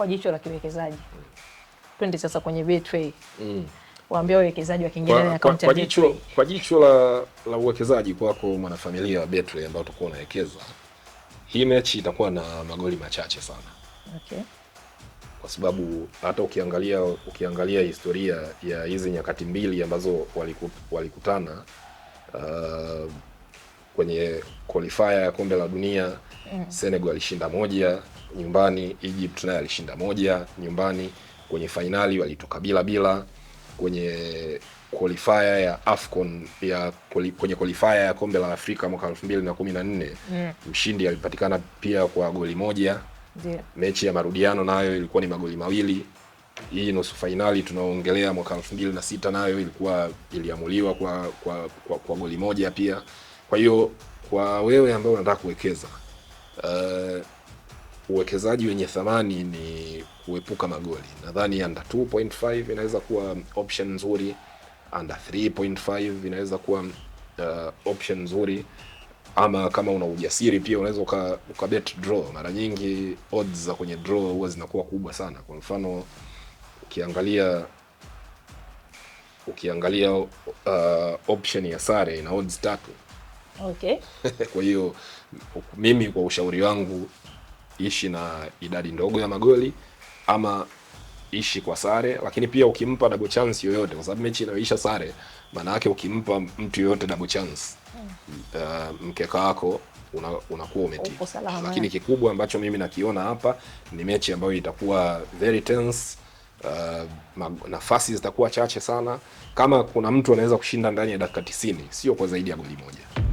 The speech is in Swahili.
kwa jicho la kiwekezaji. Mm. Twende sasa kwenye Betway. Mm. Waambie wawekezaji wa Kiingereza akaunti ya Betway. Kwa jicho la la uwekezaji kwako mwanafamilia wa Betway ambao utakuwa unawekeza. Hii mechi itakuwa na magoli machache sana. Okay. Kwa sababu hata ukiangalia ukiangalia historia ya hizi nyakati mbili ambazo walikutana uh, kwenye qualifier ya kombe la dunia mm. Senegal alishinda moja nyumbani, Egypt naye alishinda moja nyumbani. Kwenye fainali walitoka bila bila. Kwenye qualifier ya Afcon ya kwenye qualifier ya kombe la Afrika mwaka 2014 mm. mshindi alipatikana pia kwa goli moja yeah. Mechi ya marudiano nayo ilikuwa ni magoli mawili. Hii nusu fainali tunaongelea mwaka 2006 nayo ilikuwa iliamuliwa kwa, kwa, kwa, kwa goli moja pia. Kwa hiyo kwa wewe ambao unataka kuwekeza uh, uwekezaji wenye thamani ni kuepuka magoli. Nadhani under 2.5 inaweza kuwa option nzuri, under 3.5 inaweza kuwa uh, option nzuri, ama kama una ujasiri pia unaweza uka, uka bet draw. Mara nyingi odds za kwenye draw huwa zinakuwa kubwa sana. Kwa mfano ukiangalia ukiangalia uh, option ya sare ina odds tatu Okay. Kwa hiyo mimi kwa ushauri wangu ishi na idadi ndogo ya magoli ama ishi kwa sare, lakini pia ukimpa double chance yoyote, kwa sababu mechi inayoisha sare, maana yake ukimpa mtu yoyote double chance uh, mkeka wako unakuwa una umetii. Lakini kikubwa ambacho mimi nakiona hapa ni mechi ambayo itakuwa very tense. Uh, nafasi zitakuwa chache sana. Kama kuna mtu anaweza kushinda ndani ya dakika 90, sio kwa zaidi ya goli moja.